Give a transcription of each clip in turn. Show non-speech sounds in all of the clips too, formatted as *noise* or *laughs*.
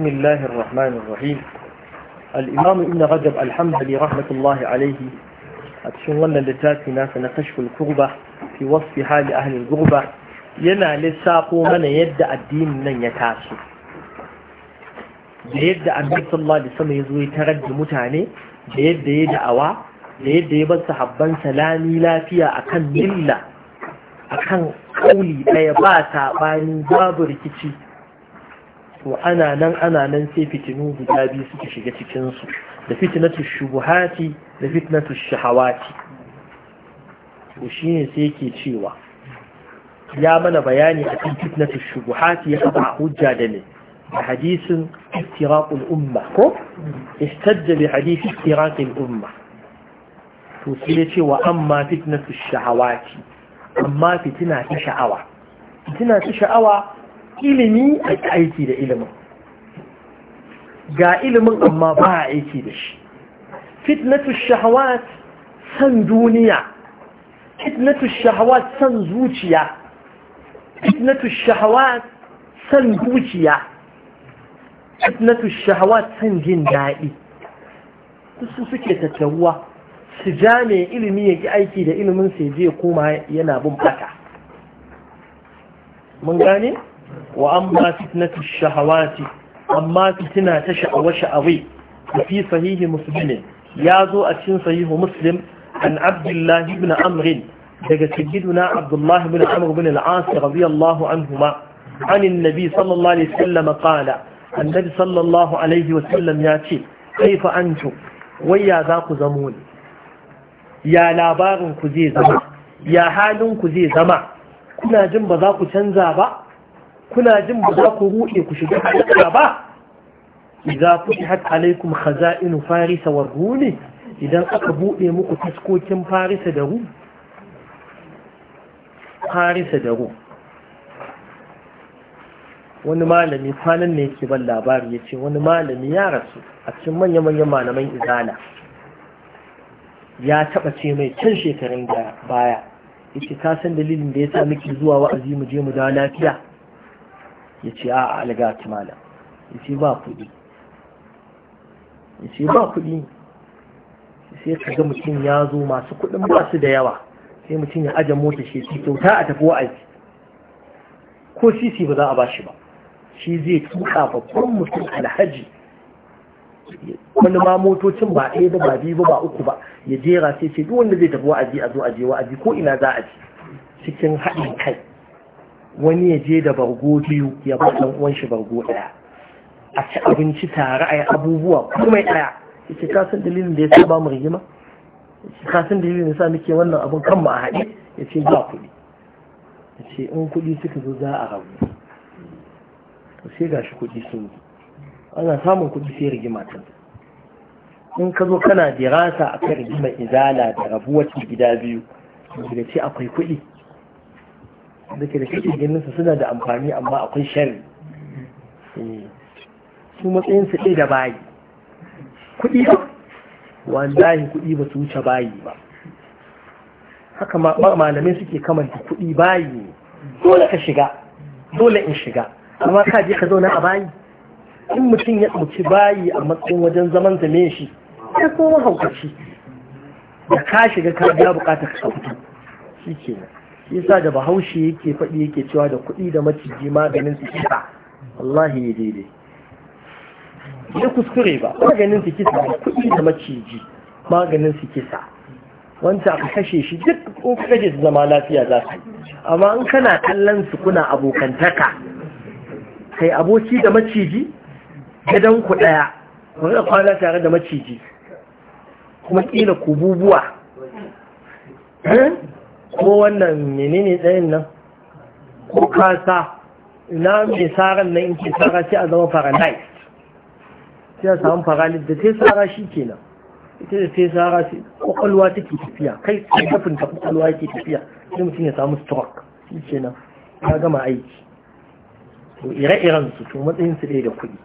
بسم الله الرحمن الرحيم الإمام ابن رجب الحمد لرحمة الله عليه أتشغلنا لتاتنا سنكشف الكربة في وصف حال أهل الكربة ينا لساقو من يدع الدين من يتاسو da yadda annabi sallallahu alaihi wasallam ya zo ya tarar da mutane da yadda ya da'awa da yadda ya bar sahabban salami lafiya akan milla akan kauli daya ba sabani babu rikici to ana nan ana nan sai fitinu guda biyu suka shiga cikinsu da fitinatu shubuhati da fitinatu shahawati to shine sai yake cewa ya mana bayani a kan fitnatu shubuhati ya kafa hujja da ne da hadisin iftiraqul umma ko istajja bi hadisi iftiraqul umma to sai ya ce wa amma fitnatu shahawati amma fitina ta sha'awa fitina ta sha'awa ilimi a aiki da ilimin ga ilimin amma ba a aiki da shi fitnatu shahawat san duniya fitnatu shahawat san zuciya fitnatu shahawat san zuciya fitnatu shahawat san jin daɗi su suke tattaruwa su ja mai ilimi ya ki aiki da ilimin sai je koma yana bin fata mun gane? wa an ba fitnatu shahawati amma fitina ta sha'awa sha'awi fi sahihi muslim ya zo a cikin sahihu muslim an abdullahi ibn Amrin. daga sayyiduna abdullahi ibn amr ibn al-as radiyallahu anhuma عن النبي صلى الله عليه وسلم قال النبي صلى الله عليه وسلم ياتي Waya za ku zamo زمون ya labarin ku zai zama ya halin ku zai zama kuna jin ba za ku canza ba kuna jin ba za ku ruɗe ku shiga halaka ba idza futihat alaikum khaza'inu faris wa rumi idan aka buɗe muku taskokin farisa da ru? farisa da ru? wani malami kwanan ne yake ban labari yace wani malami ya rasu a cikin manya-manyan malaman izala ya taɓa ce mai can shekarun baya yake san dalilin da yasa muke zuwa wa'azi mu je mu da lafiya ya ce a alga malam ya ce ba kuɗi ya ce ba kuɗi sai ka ga mutum ya zo masu kuɗin masu da yawa sai mutum ya ajiye mota shi ce kyauta a tafi wa'azi ko sisi ba za a ba shi ba shi zai tuka babban mutum alhaji wani ma motocin ba ɗaya ba ba biyu ba ba uku ba ya jera sai ce duk wanda zai tafi wa'azi a zo a je wa'azi ko ina za a ji cikin haɗin kai wani ya je da bargo biyu ya ba ɗan uwan shi bargo ɗaya a ci abinci tare a yi abubuwa ya ɗaya yace kasan dalilin da ya sa ba mu rigima yace ka dalilin da ya sa muke wannan abun kan a haɗe ya ce ba kuɗi ce in kuɗi suka zo za a rabu to sai gashi kuɗi sun yi ana samun kuɗi sai rigima ta in ka zo kana dirasa a kan rigima izala da rabuwar gida biyu daga ce akwai kuɗi da ke da kake ganin suna da amfani amma akwai shari eh, su matsayin su ɗaya da bayi kuɗi ba wallahi kuɗi ba su wuce bayi ba haka ma malamai suke kamanta kuɗi bayi ne dole ka shiga dole in shiga amma ka je ka zauna a bayi in mutum ya ɗauki bayi a matsayin wajen zaman zame shi ya koma haukaci da ka shiga ka biya bukatar ka fito shi kenan yasa da bahaushe yake faɗi yake cewa da kuɗi da maciji maganin su kisa wallahi ya daidai ya kuskure ba maganin su kisa kuɗi da maciji maganin su kisa wanda aka kashe shi duk ko kashe su zama lafiya za su amma in kana kallon su kuna abokantaka kai aboki da maciji gidan ku ɗaya wanda kwana tare da maciji kuma ƙila ku bubuwa eh? ko wannan menene tsayin nan ko kasa ina mai tsaron nan in ke tsara sai a zama paralyzed sai a samu paralyzed da sai tsara shi kenan ita da sai tsara sai kwakwalwa take tafiya kai kafin ta kwakwalwa yake tafiya sai mutum ya samu stroke shi kenan ya gama aiki to ire-iren su to matsayin su ɗaya da kuɗi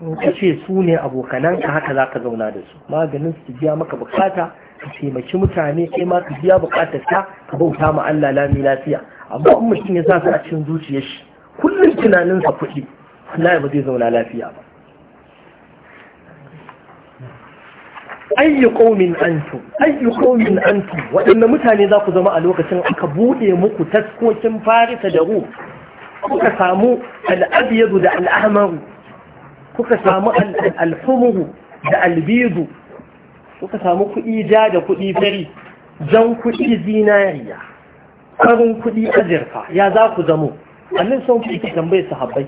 in ka ce su ne abokananka haka za ka zauna da su maganin su biya maka bukata ka taimaki mutane kai ma ka biya bukatar ta ka bauta ma Allah lami lafiya amma in mutum ya sa su a cikin zuciyar shi kullum tunaninsa kuɗi Allah ba zai zauna lafiya ba ayyu qaumin antum ayyu qaumin antum wadanne mutane za ku zama a lokacin aka bude muku taskokin farisa da ru kuka samu al-abyadu da al-ahmaru kuka samu al da al-bidu kuka samu kuɗi ja da kuɗi fari jan kuɗi zinariya farin kuɗi azirfa ya za ku zamo annin sun fi tambaye sahabbai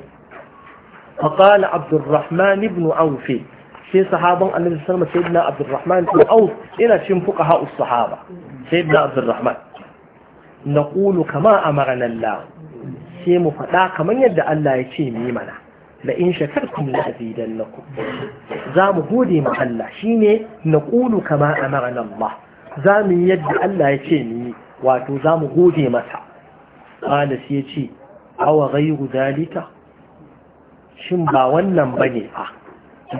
فقال عبد الرحمن بن عوف sai sahaban annabi sallama sayyidina abdurrahman ibn auf ina cikin fuqaha us-sahaba sayyidina abdurrahman naqulu kama amarna Allah sai mu faɗa kaman yadda Allah ya ce mu mana la in shakartum la azidannakum za mu gode ma Allah shine naqulu kama amarna Allah za mu yadda Allah ya ce ni wato za mu gode masa qala sai ya ce awa ghayru zalika shin ba wannan bane fa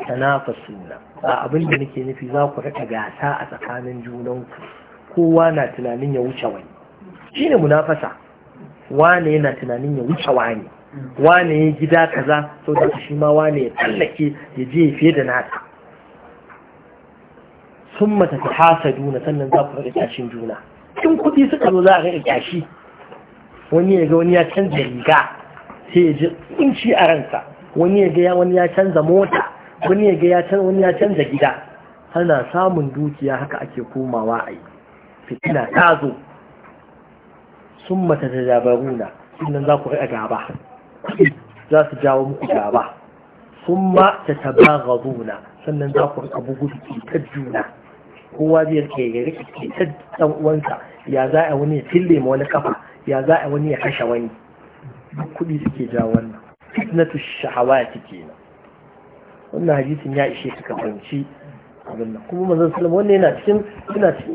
tanafasuna ba abin da nake nufi za ku rika gasa a tsakanin junanku kowa na tunanin ya wuce wani shine munafasa wane yana tunanin ya wuce wani wane ya gida kaza sau da shi ma wane ya tsallake ya je fiye da nata sun mata ta hasa duna sannan za ku rika tashin juna in kuɗi suka zo za a rika tashi wani ya ga wani ya canza riga sai ya ji kunci a ransa wani ya ga wani ya canza mota wani ya ga wani ya canza gida ana samun dukiya haka ake komawa a yi fitina ta zo sun mata ta dabaruna sannan za ku rika gaba za su jawo muku gaba sun ma ta gazuna sannan za ku rika bugu cutar juna kowa zai rike ya rike cutar dan uwansa ya za a wani ya tille ma wani kafa ya za a wani ya kashe wani duk kuɗi suke jawo wannan fitnatu cike kenan wannan hadisin ya ishe suka fahimci abin nan kuma manzon salama wannan yana cikin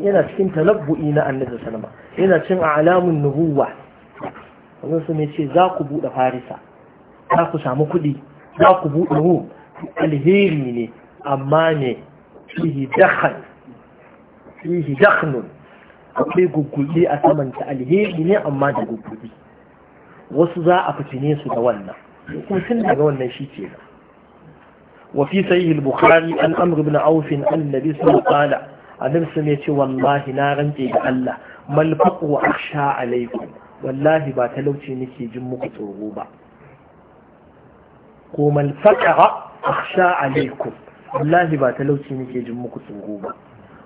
yana cikin talabbu'i na annabi salama yana cikin alamun nubuwa wanzu su ce za ku buɗe farisa za ku samu kuɗi za ku buɗe ru alheri ne amma ne fihi dakhan dakhnun akwai guguɗi a samanta alheri ne amma da guguɗi. wasu za a fitine su da wannan kuma tun daga wannan shi ke nan Wafi سيه البخاري أن أمر بن عوف أن النبي صلى الله عليه وسلم قال أنم سميت والله نارا إلى الله ما الفقه أخشى عليكم wallahi ba talauci nake jin muku tsoro ba ko mal faqara akhsha alaikum wallahi ba talauci nake jin muku tsoro ba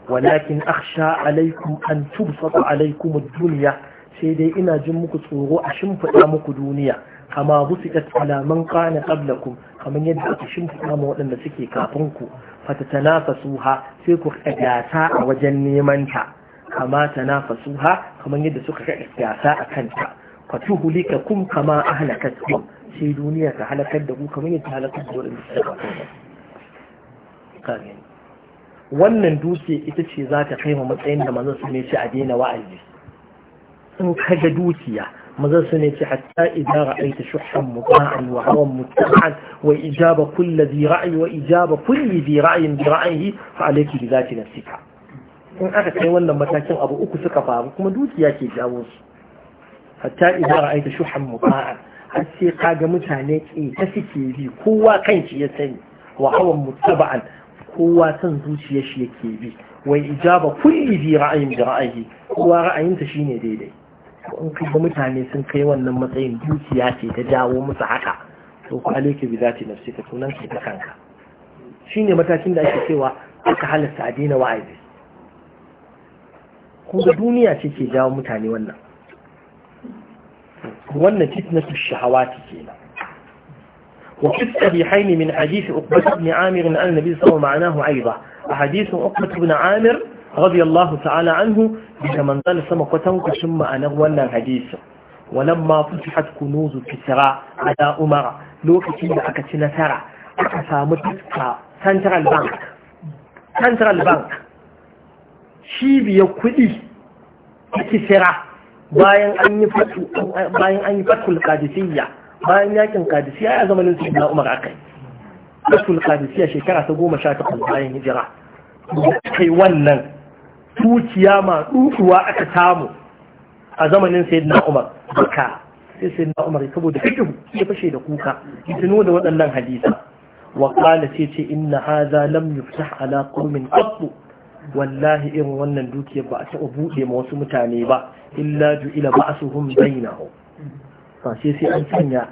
walakin akhsha alaikum an tubsata alaikum ad-dunya sai dai ina jin muku tsoro a shimfiɗa muku duniya kama busikat ala man kana qablakum kaman yadda aka shimfiɗa ma waɗanda suke kafin ku fatatanafasuha sai ku gasa a wajen neman ta kama tanafasuha kamar yadda suka ga gasa a kanta fatuhulika kum kama a ahlakatkum sai duniya ta halakar da ku kamar yadda halakar da wadanda suka kafa wannan dutse ita ce za ta kai ma matsayin da manzon su ne ce a daina wa'azi in ka ga dukiya manzon su ne ce hatta idza ra'aita shuhhan muta'an wa hawan muta'an wa ijaba kulli dhi ra'yi wa ijaba kulli dhi ra'ayin bi ra'yihi fa alayki bi zati nafsika in aka kai wannan matakin abu uku suka faru kuma dukiya ke jawo su hatta idan ra'aita shuhan muba'a har sai ka ga mutane ke ta suke bi kowa kanki ya sani wa hawan mutaba'an kowa san zuciyar shi yake bi wai ijaba kulli bi ra'ayin bi ra'ayi kowa ra'ayinta shine daidai to in kuma mutane sun kai wannan matsayin dukiya ce ta jawo musu haka to ku alaika bi zati nafsika to nan ka kanka shine matakin da ake cewa aka halasta adina wa'azi ku da duniya ce ke jawo mutane wannan wannan fitnatu shahawati kenan وفي الصحيحين من حديث عقبة بن عامر عن النبي صلى الله عليه وسلم معناه أيضا حديث عقبة بن عامر رضي الله تعالى عنه بمن قال سما كتنك ثم أنا ولا حديث ولما فتحت كنوز كسرى على أمر لو كتير أكتنا ترى أكسامتك سنترال بانك سنترال بانك cibiyar kuɗi ta kisira bayan an yi fatu bayan an yi fatul qadisiyya bayan yakin qadisiyya ya zamanin sayyidina Umar akai fatul qadisiyya shekara ta 18 bayan hijira kai wannan tuciya ma duduwa aka samu a zamanin sayyidina Umar baka sai sayyidina Umar saboda fikihu ya fashe da kuka tuno da waɗannan hadisa wa qala sai ce inna haza lam yuftah ala qaumin qattu wallahi irin wannan dukiyar ba a taɓa buɗe ma wasu mutane ba illa ju'ila suhun bayyana ba sai sai an sanya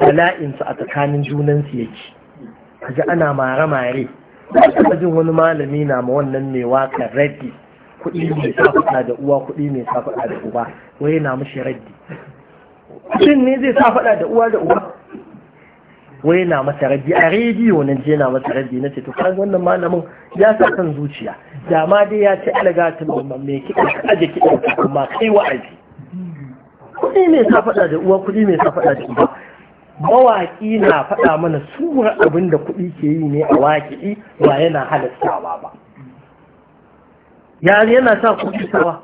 bala'insu a tsakanin junansu yake ji ana mare mare ba jin wani malami na ma wannan mai waka raddi kuɗi mai safaɗa da uwa kuɗi mai safaɗa da uba wai na mushi raddi shin ne zai safaɗa da uwa da uba wai na masa rabi a rediyo na je na masa rabi na ce to kan wannan malamin ya sa kan zuciya da ma dai ya ce alaga tun ban me kika aje kiɗan amma kai wa'azi kuɗi mai sa faɗa da uwa kuɗi mai sa faɗa da uba mawaƙi na faɗa mana suwar abin da kuɗi ke yi ne a waƙi ba yana halastawa ba yari yana sa kuɗi sawa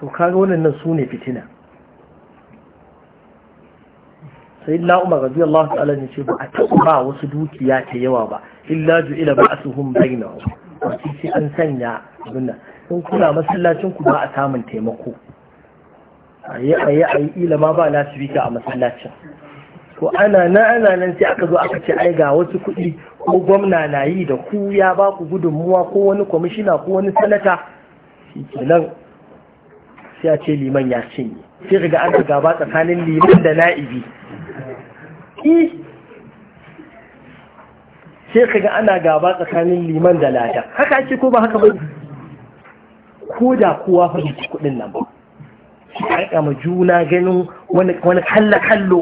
to kaga wannan nan su ne fitina sai na umar radiyallahu ta'ala ne ce ba a taɓa ba wasu dukiya ta yawa ba illa ju'ila ba a suhun bayna wasu sai an sanya abinda in kuna masallacin ku ba a samun taimako a yi a yi a yi ila ma ba lasifika a masallacin ko ana na ana nan sai aka zo aka ce ai ga wasu kuɗi ko gwamna na yi da ku ya ba ku gudunmuwa ko wani kwamishina ko wani sanata shi kenan sai a ce liman ya cinye sai ga an gaba tsakanin liman da na'ibi sai ga ana gaba tsakanin liman da lada haka ake ko ba haka ba ko da kowa fahimci bai kuɗin nan ba sai ma juna ganin wani kallo kallo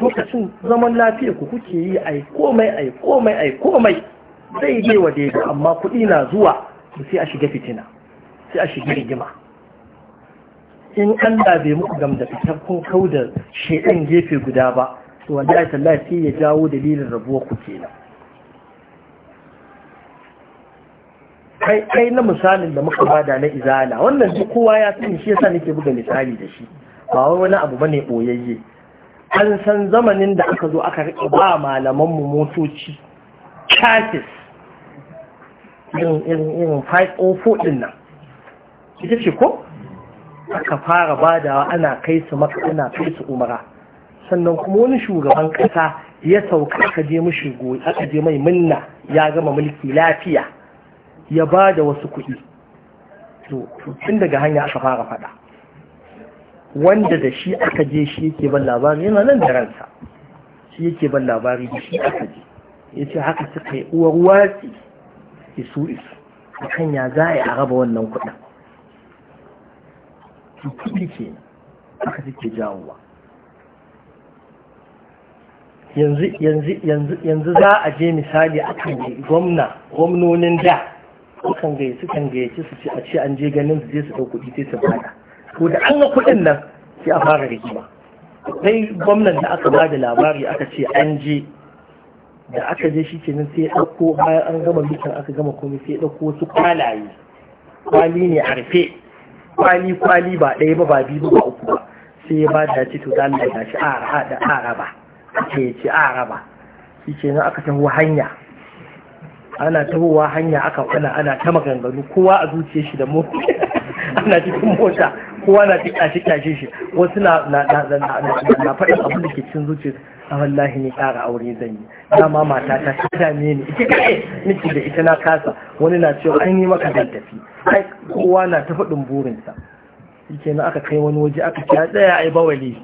lokacin zaman lafiya ku kuke yi ai komai ai komai ai komai zai yi wa daidai amma kuɗi na zuwa sai a shiga fitina sai a shiga rigima in Allah bai muku gamda fitar kun kau da shaidan gefe guda ba to wanda ya sai ya jawo dalilin rabuwa ku nan. kai kai na misalin da muka bada na izala wannan duk kowa ya sani shi yasa nake buga misali da shi ba wai wani abu bane boyayye an san zamanin da aka zo aka rike ba malaman mu motoci chassis in in in 504 din nan kike ce ko aka fara badawa ana kai su maka ana kai su umara sannan kuma wani shugaban kasa ya sauka aka je mishi aka je mai minna ya gama mulki lafiya ya ba da wasu kuɗi to tun daga hanya aka fara faɗa wanda da shi aka je shi yake ban labari yana nan da ransa shi yake ban labari da shi aka je ya ce haka suka yi uwar watsi isu isu akan ya za a raba wannan kuɗin to kuɗi aka suke jawowa yanzu za a je misali a kan gwamna gwamnonin da sukan gaya sukan su ce a ce an je ganin su je su ɗau kuɗi sai su bada ko da an ga kuɗin nan sai a fara rigima sai gwamnan da aka bada labari aka ce an je da aka je shi kenan sai ɗauko bayan an gama bikin aka gama komai sai ɗauko wasu kwalaye kwali ne a rufe kwali kwali ba ɗaya ba ba biyu ba uku ba sai ya ba da ci to da Allah ya ci araba ce ya ci araba shi ce aka taho hanya ana tahowa hanya aka kula ana ta maganganu kowa a zuciya shi da mota *laughs* ana cikin mota kowa na cikin shi kashe shi wasu na na faɗin abin da ke cin zuciya a wallahi ne ƙara aure zan yi dama mata ta ta ne ne ita kai nake da ita na kasa wani na cewa an yi maka dan tafi uwa na ta faɗin burinsa yake na aka kai wani waje aka ce tsaya ai bawali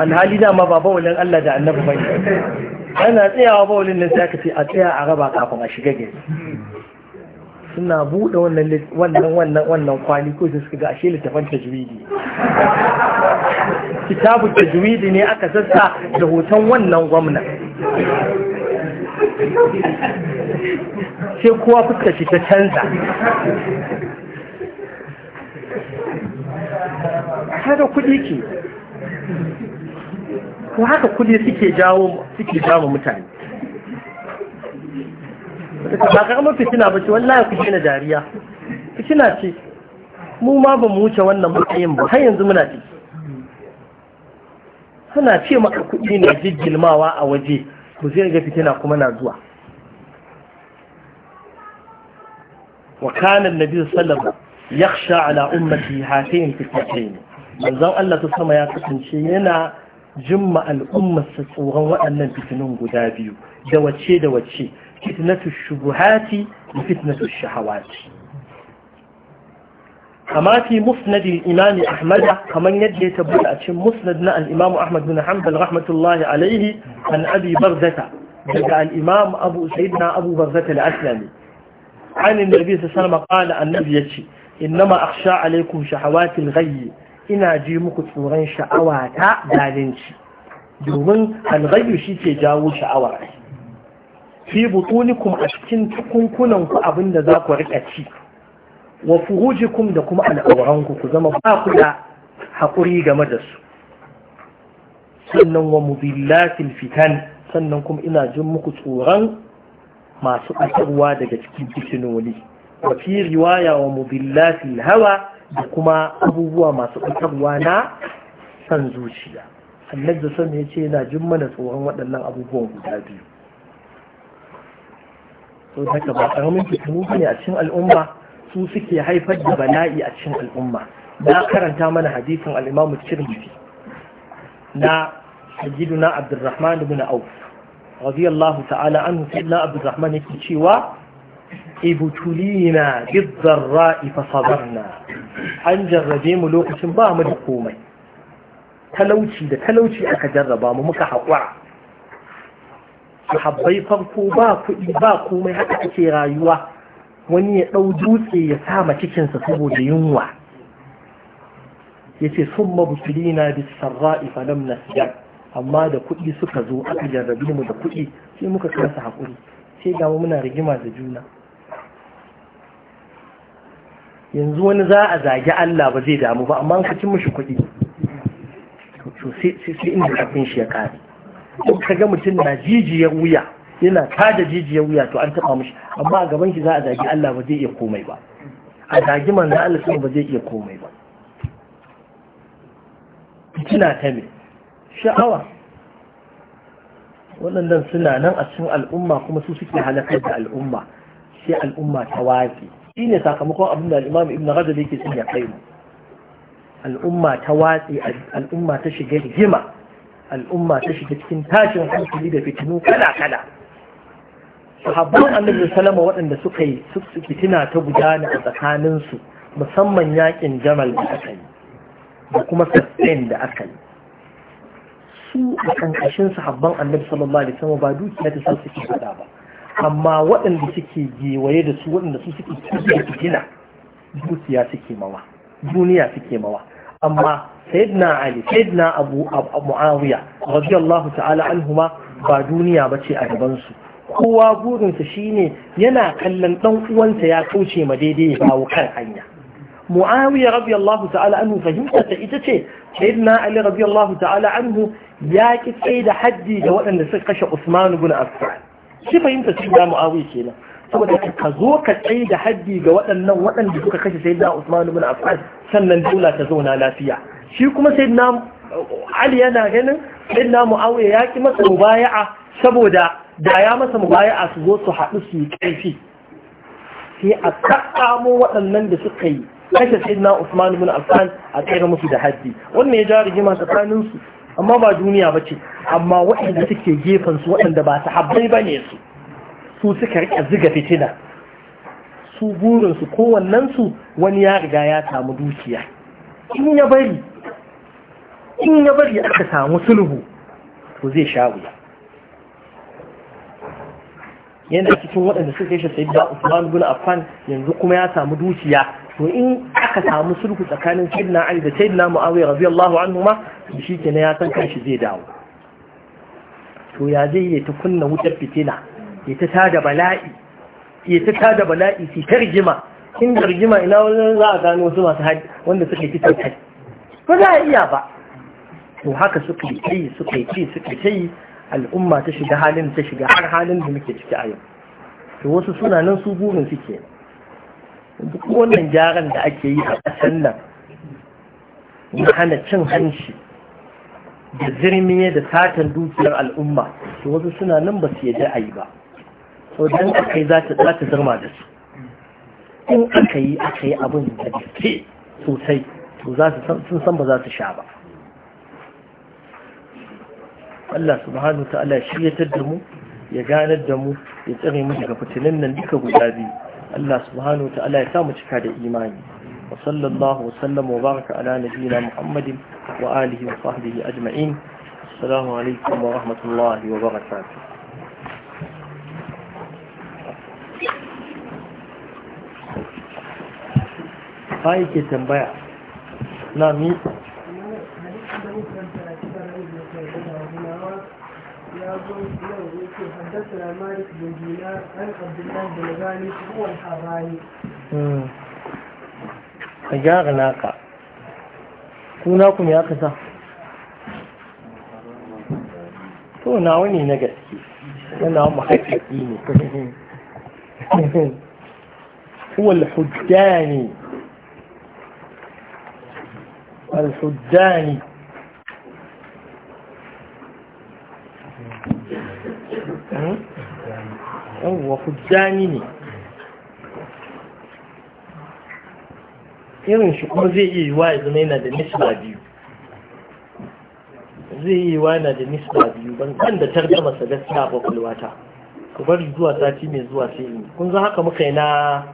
alhali dama ba bawalin Allah da annabu bai ana tsayawa bawalin nan sai aka ce a tsaya a raba kafin a shiga gari suna buɗe wannan wannan wannan kwali ko sai suka ga ashe littafin tajwidi kitabu tajwidi ne aka sassa da hoton wannan gwamna sai kowa fuskar shi ta canza kaga kuɗi ke ko haka kuɗi suke jawo suke jawo mutane ba karamar fitina ba ce wallahi ku na dariya fitina ce mu ma ba mu wuce wannan matsayin ba har yanzu muna ciki suna ce maka kuɗi ne jijjilmawa a waje ku zai ga fitina kuma na zuwa wa kana annabi sallallahu alaihi wasallam yakhsha ala ummati hatayn fitnatayn manzon Allah ta sama ya kasance yana jimma al'ummarsa tsoron waɗannan fitinin guda biyu da wace da wace fitinatu shubuhati da fitinatu shahawati kama fi musnad al-imam ahmad kaman yadda ya tabbata a cikin musnad na al-imam ahmad bin hanbal rahmatullahi alayhi an abi barzata daga al-imam abu sayyidina abu barzata al-aslami عن النبي صلى الله عليه وسلم قال النبي يتشي إنما أخشى عليكم شهوات الغي ina ji muku tsoron sha'awa ta zalunci domin alghayu shi ke jawo sha'awa fi butunikum a cikin tukunkunan ku abinda za ku rika ci wa furujikum da kuma al'auran ku ku zama ba ku da haƙuri game da su sannan wa mubillatil fitan sannan kuma ina jin muku tsoron masu ɓatarwa daga cikin fitinoli wa fi riwaya wa mubillatil hawa da kuma abubuwa masu ɓatarwa na san zuciya annabi da sun ya ce yana jin mana tsoron waɗannan abubuwan guda biyu so daga ba ƙaramin fitinu ne a cikin al'umma su suke haifar da bala'i a cikin al'umma na karanta mana hadisin al'imamu tirmidhi na sayyiduna abdurrahman ibn auf radiyallahu ta'ala anhu sayyidina abdurrahman yake cewa ibtulina bidzarra'i ra'ifa sabarna an jarrabe mu lokacin ba mu da komai talauci da talauci aka jarraba mu muka haƙura Habbai farko ba kuɗi ba komai haka ake rayuwa wani ya ɗau dutse ya sama cikinsa saboda yunwa ya ce sun mabutulina bi ra'ifa nan na siya. amma da kuɗi suka zo aka jarrabe mu da kuɗi sai muka kasa haƙuri sai ga muna rigima da juna yanzu wani za a zagi Allah ba zai damu ba amma ka cin mashi kuɗi to sai inda kafin shi ya kare in ka ga mutum na jijiyar wuya yana tada jijiyar wuya to an taɓa mashi amma a gaban shi za a zagi Allah ba zai iya komai ba a zagi manzo Allah ba zai iya komai ba kina ta me sha'awa waɗannan suna nan a cikin al'umma kuma su suke halakar da al'umma sai al'umma ta waƙe shi ne sakamakon abin da al'imam ibn rajab yake sun ya kai al'umma ta watsi al'umma ta shiga rigima al'umma ta shiga cikin tashin hankali da fitinu kala kala sahabban annabi salama waɗanda suka yi fitina ta gudana a tsakaninsu musamman yakin jamal da aka yi da kuma sassain da aka yi su a kankashin sahabban annabi sallallahu alaihi wasallam ba dukiya ta sa suke fada ba amma waɗanda suke gewaye da su waɗanda su suke tafiya dukiya suke mawa duniya suke mawa amma sayyidina ali sayyidina abu muawiya radiyallahu ta'ala anhuma ba duniya ba ce a gaban su kowa burinsa shine yana kallon dan uwansa ya kauce ma daidai ya bawo kan hanya muawiya radiyallahu ta'ala anhu fahimta ta ita ce sayyidina ali radiyallahu ta'ala anhu ya ki tsaye da haddi da waɗanda suka kashe usman ibn affan shi fahimta sun da mu'awiya kenan saboda ka zo ka tsaye da haddi ga waɗannan waɗanda suka kashe sai da Usman ibn Affan sannan dole ta zauna lafiya shi kuma sai da Ali yana ganin sai da Muawiya ya ki masa mubaya'a saboda da ya masa mubaya'a su zo su haɗu su yi ƙarfi sai a kakkamo waɗannan da suka yi kashe sai da Usman ibn Affan a tsere musu da haddi wannan ya ja rigima tsakaninsu amma ba duniya ba ce amma waɗanda suke gefansu waɗanda ba sahabbai ba ne su su suka rika ziga fitina su burinsu kowannensu wani ya riga ya samu dukiya in ya bari in ya bari aka samu sulhu to zai sha wuya yana cikin waɗanda suka shi sai da Usman bin Affan yanzu kuma ya samu dukiya to in aka samu sulhu tsakanin sayyidina ali da sayyidina muawiya radiyallahu anhuma shi ke ya san kanshi zai dawo to ya zai yi ta kunna wutar fitina ya ta tada bala'i ya ta tada bala'i fi tarjima in tarjima ina wani za a gano wasu masu haji wanda suka yi fitar kai Ko za a iya ba to haka suka yi kai suka yi kai suka yi al'umma ta shiga halin ta shiga har halin da muke ciki a yau to wasu suna nan su burin su kenan duk wannan gyaran da ake yi a ƙasar nan na hana cin hanci da zirmiye da satan dukiyar al'umma to wasu suna nan ba su yadda a yi ba sau don aka yi za ta zirma da su in aka yi aka yi abin da ke sosai to sun san ba za su sha ba Allah subhanahu ta'ala shi ya mu ya ganar da mu ya tsare mu daga fitilin nan duka guda biyu Allah subhanahu wa ta'ala ya mu cika da imani wa sallallahu wa wa baraka ala nabiyina Muhammadin wa alihi wa sahbihi ajma'in assalamu alaikum wa rahmatullahi wa barakatuh fa yake tambaya na mi يا ابو حدثنا مالك بن دينار عن عبد الله بن غالي هو الحراني. امم. غناقه. sunakun ya kasa to nawa ne na gaske yana mahaifaki ne huwal hujjani al-hujjani yawwa hujjani ne irin shi kuma zai iya yiwa ya zama yana da nisba biyu zai iya yiwa yana da nisba biyu ban da tarda masa gaskiya ba kulwata ku bari zuwa sati mai zuwa sai in kun zo haka muka yi na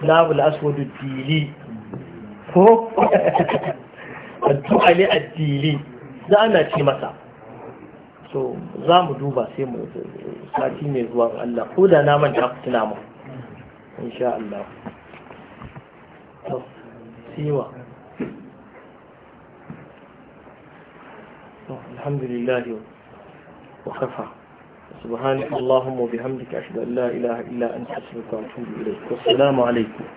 labul aswadu dili ko *laughs* addu'a ne addili za ana ce masa so za mu duba sai mu sati mai zuwa Allah ko da na manta ku tuna insha Allah to siwa to alhamdulillah wa kafa subhanallahi wa bihamdika ashhadu an la ilaha illa anta astaghfiruka wa atubu ilayk assalamu alaykum